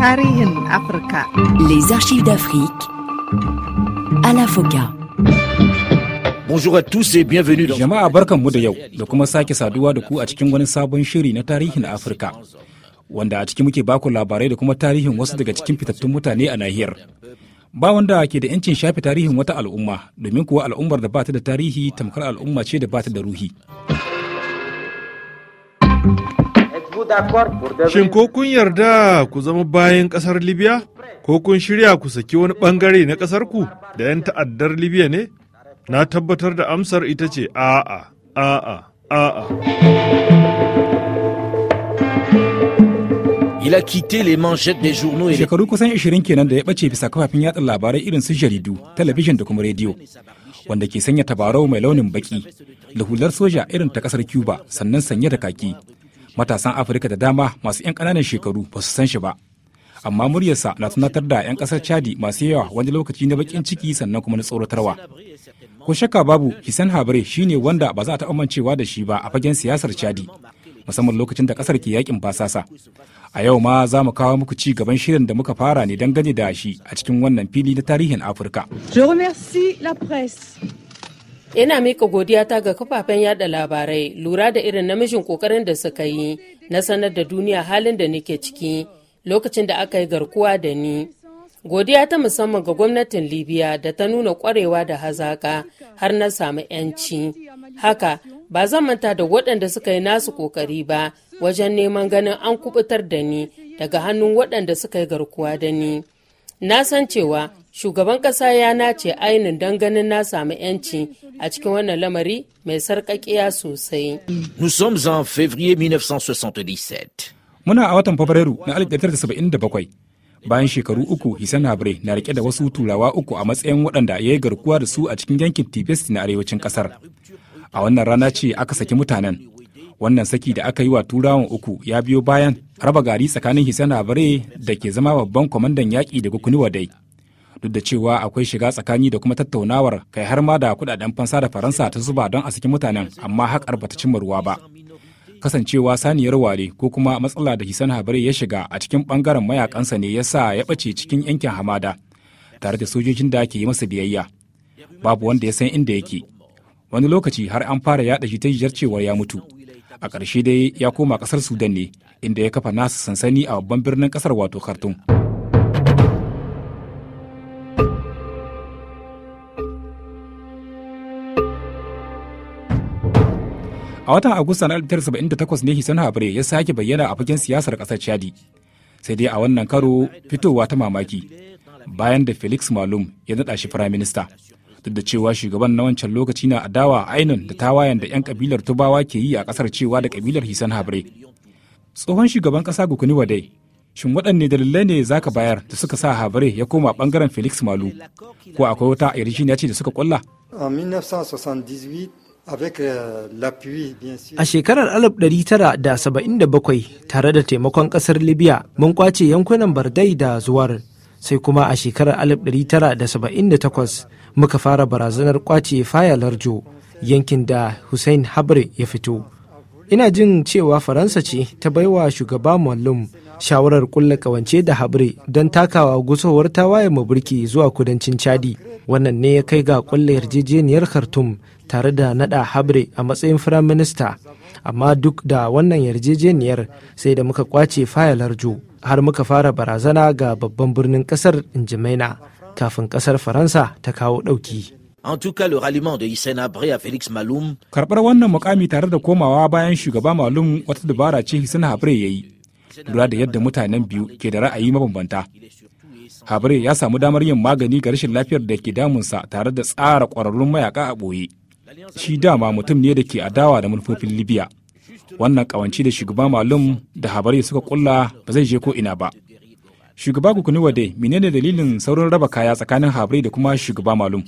Tarihin Les archives d'Afrique à la Foka. Bonjour à tous et bienvenue Jama'a barkanmu da yau da kuma sake saduwa da ku a cikin wani sabon shiri na tarihin Afirka. Wanda a ciki muke baku labarai da kuma tarihin wasu daga cikin fitattun mutane a nahiyar. Ba wanda ke da 'yancin shafe tarihin wata al'umma domin kuwa al'ummar da ba ta da tarihi tamkar al'umma ce da ba ta da ruhi. Shin ko kun yarda ku zama bayan ƙasar Libya? Ko kun shirya ku saki wani ɓangare na ku da 'yan ta'addar Libya ne? Na tabbatar da amsar ita ce a'a, a'a, a'a. Shekaru kusan 20 kenan da ya bace bisa kafafen yatsa labarai irin su jaridu, talabijin da kuma rediyo. wanda ke sanya tabarau mai launin baki da hular soja irin ta kasar cuba sannan sanye da kaki matasan afirka da dama masu 'yan kananan shekaru ba su san shi ba amma muryarsa na tunatar da 'yan ƙasar chadi masu yawa wani lokaci na bakin ciki sannan kuma na tsoratarwa ko shakka babu hisan habre shine wanda ba za a amincewa da shi ba a fagen siyasar chadi musamman lokacin da ƙasar ke yakin basasa a yau ma za mu kawo muku ci gaban shirin da muka fara ne dangane da shi a cikin wannan fili na tarihin afirka Je remercie la Ina mika godiyata ga kafafen yada labarai lura da irin namijin kokarin da suka yi na sanar da duniya halin da nake ciki lokacin da aka yi garkuwa da ni. Godiya ta musamman ga gwamnatin Libya da ta nuna kwarewa da hazaka har na samu 'yanci. Haka ba zan manta da waɗanda suka yi nasu kokari ba wajen neman ganin an kubutar da ni daga hannun waɗanda suka yi garkuwa da ni. Na san cewa shugaban ƙasa ya nace ainin don ganin na samu 'yanci a cikin wannan lamari mai sarƙaƙiya sosai. Nous sommes en février Muna a watan Fabrairu na 1977. Bayan shekaru uku, Hisan Habre na rike da wasu turawa uku a matsayin waɗanda ya yi garkuwa da su a cikin yankin Tibet na arewacin ƙasar. A wannan rana ce aka saki mutanen. Wannan saki da aka yi wa turawan uku ya biyo bayan raba gari tsakanin Hisan Habre da ke zama babban kwamandan yaƙi da gukuniwa dai. duk da cewa akwai shiga tsakani da kuma tattaunawar kai har ma da kudaden fansa da faransa ta zuba don a saki mutanen amma haƙar bata cimma ruwa ba kasancewa saniyar ware ko kuma matsala da hisan habari ya shiga a cikin bangaren mayakansa ne ya sa ya ɓace cikin yankin hamada tare da sojojin da ake yi masa biyayya babu wanda ya san inda yake wani lokaci har an fara yaɗa shi ta jiyar cewa ya mutu a ƙarshe dai ya koma ƙasar sudan ne inda ya kafa nasa sansani a babban birnin ƙasar wato khartoum a watan agusta na 1978 ne hisan habre ya sake bayyana a fagen siyasar kasar chadi sai dai a wannan karo fitowa ta mamaki bayan da felix malum ya nada shi minista duk da cewa shugaban na wancan lokaci na adawa ainun da tawayen da 'yan kabilar tubawa ke yi a kasar cewa da kabilar hisan habre tsohon shugaban kasa gukuni wadai shin waɗanne dalilai ne za ka bayar da suka sa habre ya koma bangaren felix malu ko akwai wata yarjejeniya ce da suka kulla Euh, a shekarar 1977 tare da taimakon kasar Libya mun kwace yankunan Bardai da Zuwar. Sai kuma a shekarar 1978 muka fara barazanar kwace Faya Larjo yankin da Hussein Habre ya fito. Ina jin cewa Faransa ce ta baiwa shugaba Mallum shawarar kulla kawance da habre don takawa gusowar tawaye mabirki zuwa kudancin chadi wannan ne ya kai ga kulla yarjejeniyar khartum tare da nada habre a matsayin firaminista amma duk da wannan yarjejeniyar sai da muka kwace fayil harjo har muka fara barazana ga babban birnin kasar injimaina kafin kasar faransa ta kawo dauki Karbar wannan mukami tare da komawa bayan shugaba malum wata dabara ce hisan habre ya yi. Lura da yadda mutanen biyu ke da ra'ayi mabambanta. habre ya samu damar yin magani ga rashin lafiyar da ke damunsa tare da tsara kwararrun mayaka a boye shi dama mutum ne da ke adawa da manufofin libya wannan kawanci da shugaba malum da habari suka kulla ba zai je ko ina ba shugaba gukuni wade menene dalilin saurin raba kaya tsakanin habari da kuma shugaba malum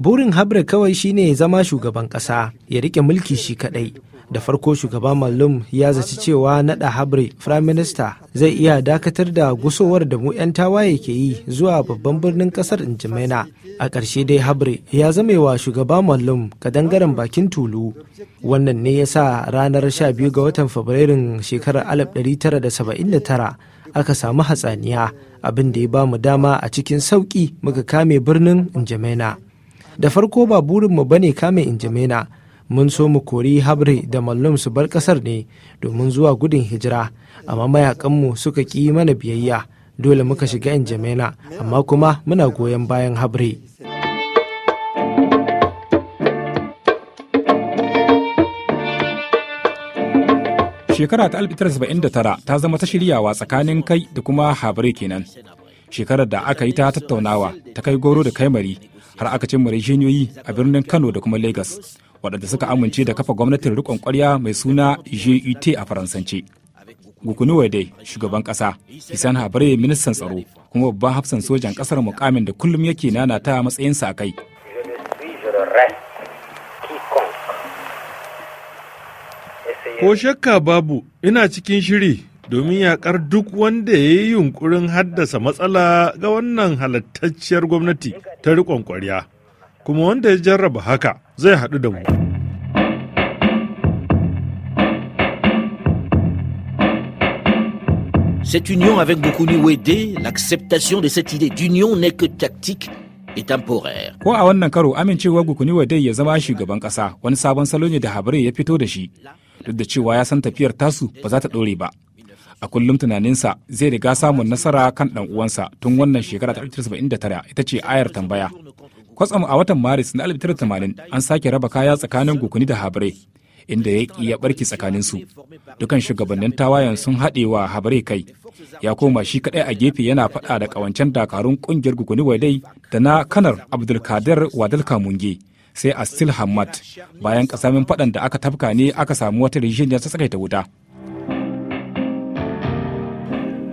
burin habre kawai shine zama shugaban kasa ya rike mulki shi kadai da farko shugaba mallum ya zaci cewa nada habre prime minister zai iya dakatar da gusowar da mu 'yan tawaye ke yi zuwa babban birnin kasar injimena a ƙarshe dai habre ya wa shugaba mallum kadangaren bakin tulu wannan ne ya sa ranar 12 ga watan fabrairun shekarar 1979 aka samu hatsaniya abin da ya ba mu dama a cikin sauƙi muka kame birnin injimena da farko ba burinmu bane kame injimena mun so mu kori habre da mallum su bar kasar ne domin zuwa gudun hijira amma mayakanmu suka ƙi mana biyayya dole muka shiga in injamena amma kuma muna goyon bayan habre shekara ta 1979 ta zama ta shiryawa tsakanin kai da kuma habre kenan shekarar da aka yi ta tattaunawa ta kai goro da kaimari har aka cimma rishiniyoyi a birnin kano da kuma lagos waɗanda suka amince da kafa gwamnatin riƙon ƙwarya mai suna GUT e a Faransance. Gukuni dai shugaban ƙasa, Isan Habare ministan tsaro, kuma babban hafsan sojan ƙasar mukamin da kullum yake nana nanata matsayinsa a kai. Ko shakka babu ina cikin shiri domin yaƙar duk wanda ya yi yunkurin haddasa matsala ga wannan halattacciyar gwamnati ta riƙon ƙwarya, kuma wanda ya jarraba haka zai haɗu da mu. Cette union avec Bukuni Wede, l'acceptation de cette idée d'union n'est que tactique et temporaire. Ko a wannan karo amincewar Bukuni Wede ya zama shugaban kasa wani sabon salo ne da Habre ya fito da shi, duk da cewa ya san tafiyar tasu ba za ta dore ba. A kullum tunaninsa zai riga samun nasara kan dan uwansa tun wannan shekara ta 1979 ita ce ayar tambaya. kwatsam a watan maris na 1980 an sake raba kaya tsakanin gukuni da habre inda ya iya barki tsakanin su dukan shugabannin tawayen sun haɗe wa habare kai ya koma shi kaɗai a gefe yana faɗa da kawancen dakarun ƙungiyar gukuni wadai da na kanar abdulkadir wadal kamunge sai stil hamad bayan ƙasamin faɗan da aka tafka ne aka samu wata rijiyar ta tsakaita wuta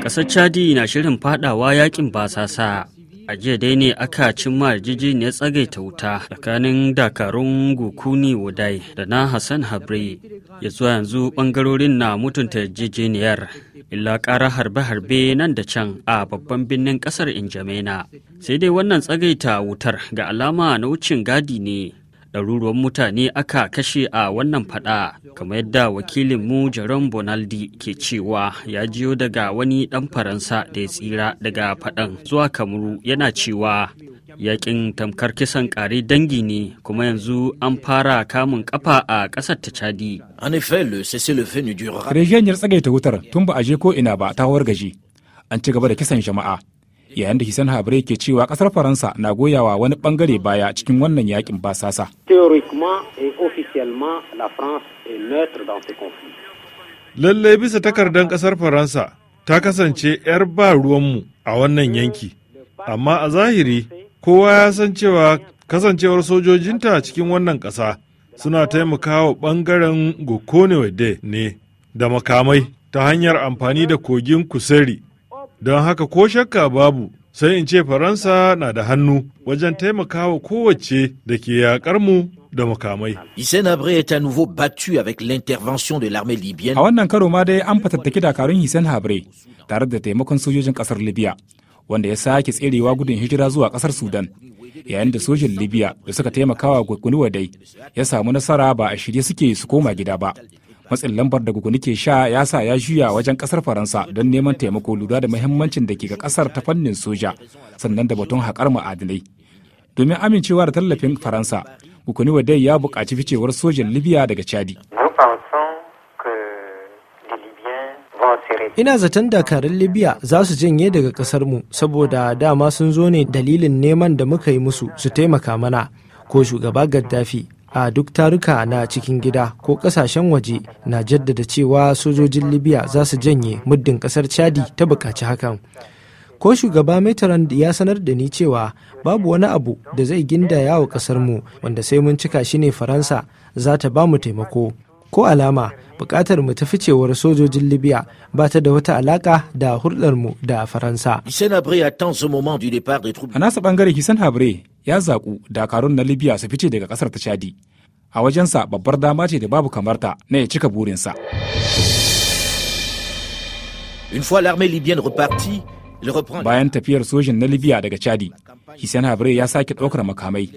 ƙasar chadi na shirin faɗawa yakin basasa A jiya dai ne aka cimma yarjejeniyar tsagaita wuta tsakanin dakarun Gukuni Wodai da na Hassan Habre. Ya zuwa yanzu ɓangarorin na mutunta jijiniyar Illa ƙara harbe-harbe nan da can a babban birnin ƙasar Injamena. Sai dai wannan tsagaita wutar ga alama na wucin gadi ne. ɗaruruwan mutane aka kashe a wannan fada kamar yadda wakilinmu jaron bonaldi ke cewa ya jiyo daga wani ɗan faransa da ya tsira daga fadan zuwa kamaru yana cewa yakin tamkar kisan kare dangi ne kuma yanzu an fara kamun kafa a ƙasar ta chadi rijiyar tsagaita wutar tun ba a je ko ina ba ta wargaje an ci gaba da kisan jama'a yayin da hisan habre ke cewa kasar faransa na goyawa wani bangare baya cikin wannan yakin basasa lallai bisa takardar kasar faransa ta kasance 'yar ba ruwanmu a wannan yanki amma a zahiri kowa ya san cewa kasancewar sojojinta cikin wannan ƙasa suna taimakawa ɓangaren gokonewade ne da makamai ta hanyar amfani da kogin kusari Don haka ko shakka babu sai in ce Faransa na da hannu wajen taimakawa kowace da ke yakar mu da makamai. Hissène Habré est à nouveau battu avec l'intervention de l'armée libyenne. A wannan karo ma dai an fatattaki dakarun Hissène habre tare da taimakon sojojin kasar Libya wanda ya sake tserewa gudun hijira zuwa kasar Sudan. Yayin da sojin Libya da suka taimakawa Gwagwani dai ya samu nasara ba a shirye suke su koma gida ba. matsin lambar da guguni ke sha ya sa ya juya wajen kasar faransa don neman taimako lura da muhimmancin da ke ga kasar ta fannin soja sannan da batun haƙar ma'adinai domin amincewa da tallafin faransa guguni wadai ya buƙaci ficewar sojan libya daga chadi Ina zaton dakarun Libya za su janye daga mu saboda dama sun zo ne dalilin neman da muka yi musu su taimaka mana ko shugaba Gaddafi a duk taruka na cikin gida ko kasashen waje na jaddada cewa sojojin libya za su janye muddin kasar chadi ta bukaci hakan ko shugaba Mitterrand ya sanar da ni cewa babu wani abu da zai gindaya wa kasar mu wanda sai mun cika shi ne faransa za ta ba mu taimako ko alama bukatar mu ta ficewar sojojin libya ba ta da wata alaka da hulɗar mu da faransa a nasa bangare hisan habre ya zaku dakarun na libya su fice daga kasar ta chadi a wajensa babbar dama ce da babu kamarta na ya cika burinsa bayan tafiyar sojin na libya daga chadi Hussein habire ya sake ɗaukar makamai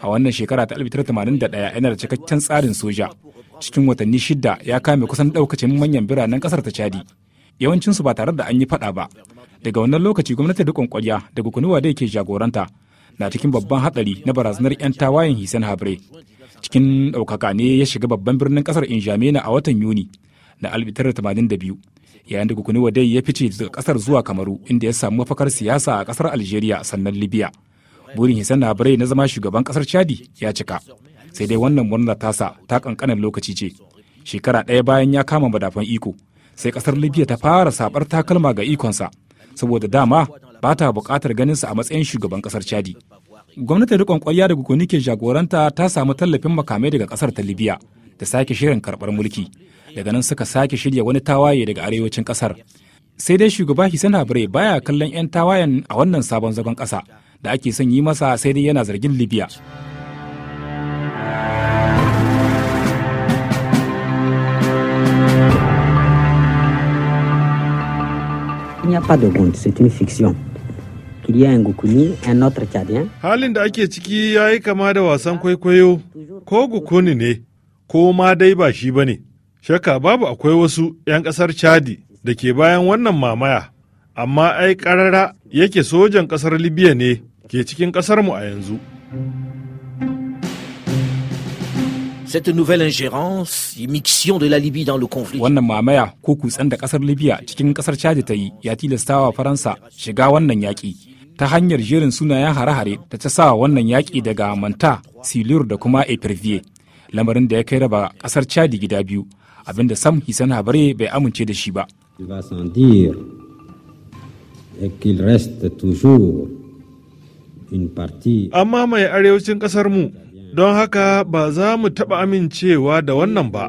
a wannan shekara ta 1981 yana da cikakken tsarin soja cikin watanni shida ya kame kusan ɗaukacin manyan biranen ƙasar ta Chadi yawancinsu ba tare da an yi faɗa ba daga wannan lokaci gwamnati da kwankwariya da kunuwa da yake jagoranta na cikin babban hatsari na barazanar 'yan tawayen Hussein habire cikin ɗaukaka ne ya shiga babban birnin ƙasar Injamena a watan Yuni na 1982 yayin da guguni wadai ya fice daga kasar zuwa kamaru inda ya samu mafakar siyasa a kasar algeria sannan libya burin hisan labarai na zama shugaban kasar chadi ya cika sai dai wannan murna tasa ta kankanin lokaci ce shekara ɗaya bayan ya kama madafan iko sai kasar libya ta fara sabar takalma ga ikonsa saboda dama ba ta buƙatar sa a matsayin shugaban kasar chadi gwamnatin rikon kwalya da gukuni ke jagoranta ta samu tallafin makamai daga kasar ta libya da sake shirin karɓar mulki daga nan suka sake shirya wani tawaye daga arewacin kasar sai dai shugaba hisan habre baya kallon 'yan tawayen a wannan sabon zagon kasa da ake son yi masa sai dai yana zargin libya Halin da ake ciki ya yi kama da wasan kwaikwayo, ko Gukuni ne, ko ma dai ba shi ba ne. Shaka babu akwai wasu 'yan ƙasar Chadi da ke bayan wannan mamaya, amma ai ƙarara yake sojan ƙasar Libya ne ke cikin ƙasarmu a yanzu. Cette nouvelle ingérence, immixtion de la Libye dans le conflit. Wannan mamaya ko kutsan da kasar Libya cikin kasar Chad ta yi ya tilastawa Faransa shiga wannan yaƙi ta hanyar jerin sunayen hare-hare da ta sa wannan yaki daga Manta, Silur da kuma Epervier. Lamarin da ya kai raba kasar Chad gida biyu abinda sam hisan habare bai amince da shi ba amma mai arewacin ƙasarmu don haka ba za mu taɓa amincewa da wannan ba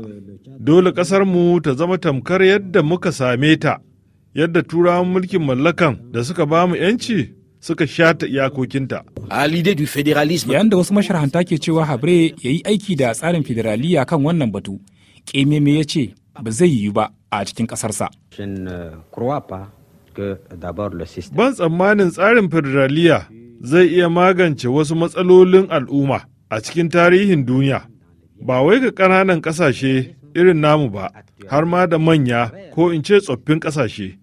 dole ƙasarmu ta zama tamkar yadda muka same ta yadda turawan mulkin mallakan da suka ba mu 'yanci suka sha shata iyakokinta. Yayin da wasu masharhanta ke cewa Habre ya yi aiki da tsarin federaliya kan wannan batu, ƙememe ya ce ba zai yiwu ba a cikin ƙasarsa. Uh, Ban tsammanin tsarin federaliya zai iya magance wasu matsalolin al'umma a cikin tarihin duniya, ba wai ga ƙananan ƙasashe irin namu ba, har ma da manya ko in ce tsoffin ƙasashe.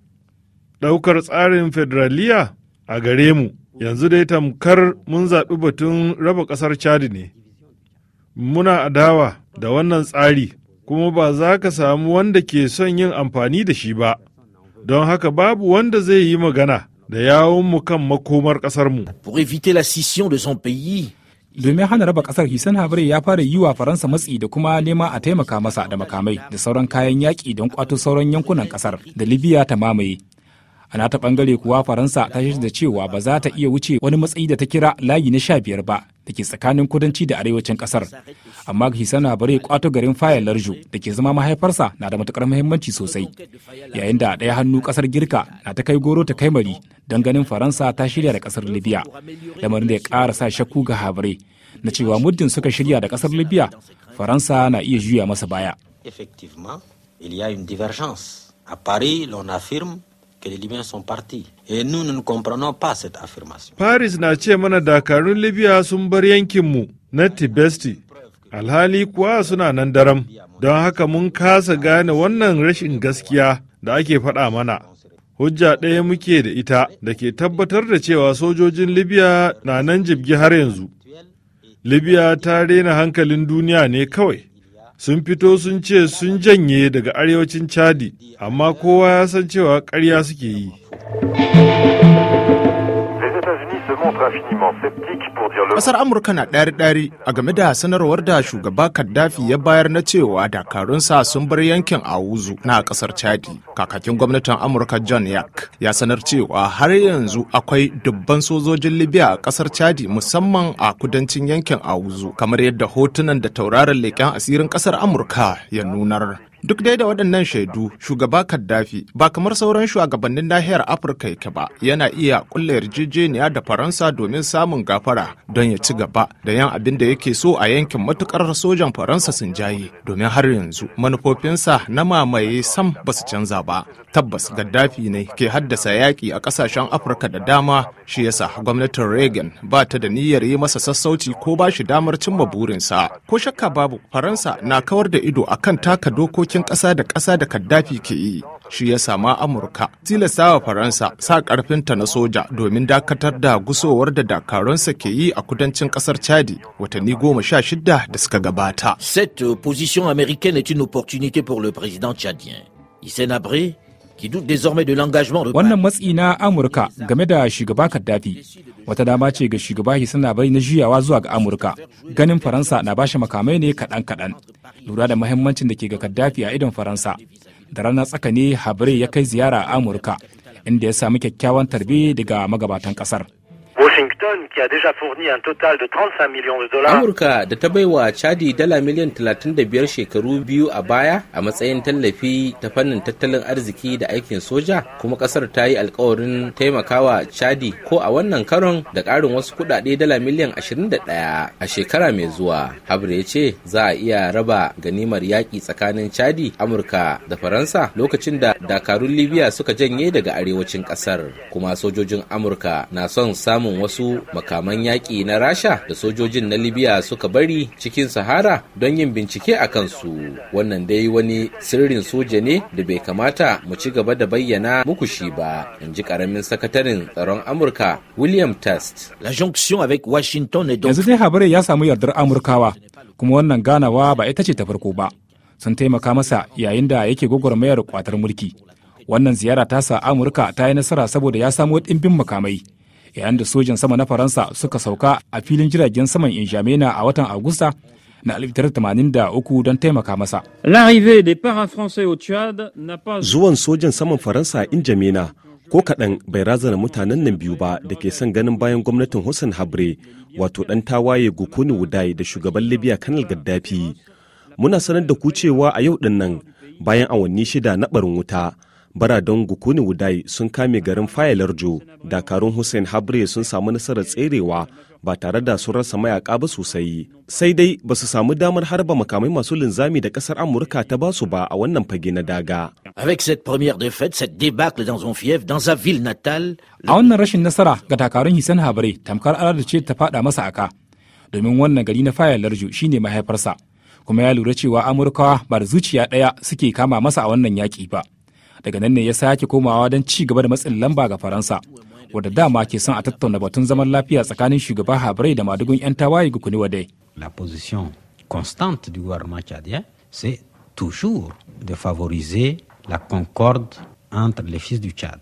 Ɗaukar tsarin federaliya a gare mu yanzu dai tamkar mun zaɓi batun raba ƙasar chad ne. Muna adawa da wannan tsari kuma ba za ka samu wanda ke son yin amfani da shi ba, don haka babu wanda zai yi magana da yawunmu kan makomar ƙasarmu. Domin hana raba ƙasar Hisan Habre ya fara yi wa Faransa matsi da kuma nema a taimaka masa da makamai da sauran kayan yaƙi don ƙwato sauran yankunan ƙasar da Libya ta mamaye. a nata bangare kuwa faransa ta da cewa ba za ta iya wuce wani matsayi da ta kira layi na sha biyar ba da ke tsakanin kudanci da arewacin kasar amma hisana bare kwato garin fayar larjo da ke zama mahaifarsa na da matukar mahimmanci sosai yayin da ɗaya hannu kasar girka na ta kai goro ta kai mari don ganin faransa ta shirya da kasar libya lamarin da ya kara sa shakku ga habare na cewa muddin suka shirya da kasar libya faransa na iya juya masa baya Effectivement, il y a une divergence. que les Libyens sont partis. Et nous, nous ne comprenons pas cette affirmation. Paris na ce mana dakarun Libya sun bar yankinmu na Tibesti. Alhali kuwa suna nan daram, don haka mun kasa gane wannan rashin gaskiya da ake faɗa mana. Hujja ɗaya muke da ita da ke tabbatar da cewa sojojin Libya na nan jibgi har yanzu. Libya ta rena hankalin duniya ne kawai. sun fito sun ce sun janye daga arewacin chadi amma kowa ya san cewa ƙarya suke yi. Les États-Unis se montrent Ƙasar Amurka na ɗari-ɗari a game da sanarwar da shugaba Kaddafi ya bayar na cewa dakarunsa sun bar yankin a wuzu na ƙasar Chadi. Kakakin gwamnatin Amurka John Yak ya sanar cewa har yanzu akwai dubban sojojin Libya a ƙasar Chadi musamman a kudancin yankin a wuzu kamar yadda hotunan da tauraron leƙen asirin ƙasar Amurka ya nunar. Duk dai da waɗannan shaidu, shugaba Kaddafi ba kamar sauran shugabannin nahiyar Afirka yake ba, yana iya kulle yarjejeniya da Faransa domin samun gafara don ya ci gaba da yan abin da yake so a yankin matukar sojan Faransa sun jaye, domin har yanzu manufofinsa na mamaye sam ba su canza ba. Tabbas Gaddafi ne ke haddasa yaƙi a ƙasashen Afirka da dama, shi yasa gwamnatin Reagan ba ta da niyyar yi masa sassauci ko ba shi damar cimma burinsa. Ko shakka babu, Faransa na kawar da ido akan taka dokokin cikin ƙasa da ƙasa da Kaddafi ke yi shi ya sama Amurka tilasta wa Faransa sa ƙarfinta na soja domin dakatar da gusowar da dakarunsa ke yi a kudancin ƙasar Chadi watanni goma sha shida da suka gabata. Cette position américaine est une opportunité pour le président chadien. Il qui doute de l'engagement de Wannan matsi na Amurka game da shugaba Kaddafi wata dama ce ga shugaba Hissan bari na juyawa zuwa ga Amurka. Ganin Faransa na bashi makamai ne kadan kadan Lura da mahimmancin da ke ga Kaddafi a idon Faransa. Da rana tsaka ne Habre ya kai ziyara a Amurka inda ya sami kyakkyawan tarbe daga magabatan kasar. Washington qui a déjà fourni un total de 35 millions de dollars. Amurka da ta baiwa Chadi dala miliyan 35 shekaru biyu a baya a matsayin tallafi ta fannin tattalin arziki da aikin soja kuma kasar ta yi alkawarin taimakawa Chadi ko a wannan karon da karin wasu kudade dala miliyan 21 a shekara mai zuwa. Habre ya ce za a iya raba ganimar yaƙi tsakanin Chadi, Amurka da Faransa lokacin da dakarun Libya suka janye daga arewacin kasar kuma sojojin Amurka na son samun samun wasu makaman yaƙi na rasha da sojojin na libya suka bari cikin sahara don yin bincike a kansu wannan dai wani sirrin soja ne da bai kamata mu ci gaba da bayyana muku shi ba in ji karamin sakataren tsaron amurka william test yanzu dai habarin ya samu yardar amurkawa kuma wannan ganawa ba ita ce ta farko ba sun taimaka masa yayin da yake gwagwarmayar kwatar mulki wannan ziyara ta sa amurka ta yi nasara saboda ya samo ɗimbin makamai yayin da sojan sama na faransa suka sauka a filin jiragen saman injamena a watan agusta na 1983 don taimaka masa. Zuwan sojan saman Faransa a Injamena ko kaɗan bai razana mutanen nan biyu ba da ke son ganin bayan gwamnatin Hussein Habre wato ɗan tawaye Gukuni Wudai da shugaban Libya Kanal Gaddafi. Muna sanar da kucewa a yau ɗin nan bayan awanni shida na barin wuta don gukuni wudai sun kame garin fayalarjo dakarun hussein habre sun samu nasarar tserewa ba tare da sun rasa mayaka ba sosai sai dai ba su samu damar harba makamai masu linzami da kasar amurka ta basu ba a wannan fage na daga avec cette première défaite cette débâcle dans son fief dans sa ville natale a wannan rashin nasara ga dakarun hisan habre tamkar alar ce ta fada masa aka domin wannan gari na larju shine mahaifarsa kuma ya lura cewa amurkawa ba da zuciya daya suke kama masa a wannan yaki ba daga nan ne ya sake komawa don ci gaba da matsin lamba ga faransa wadda dama ke son a tattauna batun zaman lafiya tsakanin shugaba habrai da madugun 'yan tawaye gukuni wadai la position constante du gouvernement tchadien c'est toujours de favoriser la concorde entre les fils du Tchad.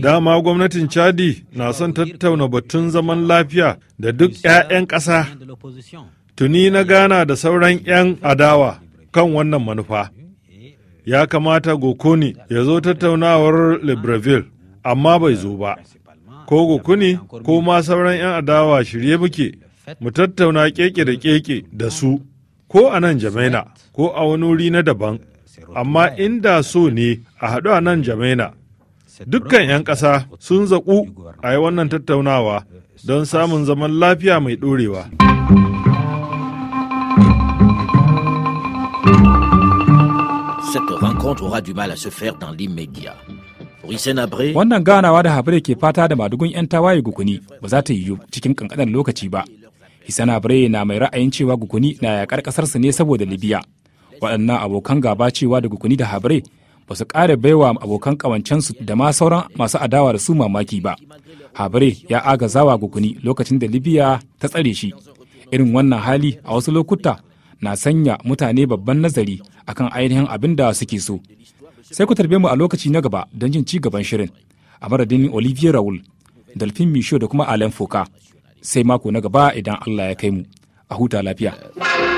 Dama gwamnatin Chadi na son tattauna batun zaman lafiya da duk 'ya'yan ƙasa. Tuni na gana da sauran 'yan adawa kan wannan manufa. ya kamata Gokuni ya zo tattaunawar Libreville, amma bai zo ba. Ko Gokuni ko ma sauran 'yan adawa shirye muke, mu tattauna keke da keke da su, ko a nan Jamaina, ko a wani wuri na daban, amma inda so ne a haɗu a nan Jamaina. Dukkan 'yan ƙasa sun zaƙu a yi wannan tattaunawa don samun zaman lafiya mai ɗorewa. rencontre aura du mal à se faire dans l'immédiat. Wannan ganawa da Habre ke fata da madugun 'yan tawaye Gukuni ba za ta yiwu cikin kankanin lokaci ba. Hissan Habre na mai ra'ayin cewa Gukuni na yakar ƙasarsu ne saboda Libya. Waɗannan abokan gaba cewa da Gukuni da Habre ba su ƙara baiwa abokan ƙawancensu da ma sauran masu adawa da su mamaki ba. Habare ya agazawa gukuni lokacin da Libya ta tsare shi. Irin wannan hali a wasu lokuta na sanya mutane babban nazari a kan ainihin abin da suke so sai ku tarbe mu a lokaci na gaba don jin ci gaban shirin a madadin olivier raul dalfin misho da kuma alain foka sai mako na gaba idan allah ya kai mu a huta lafiya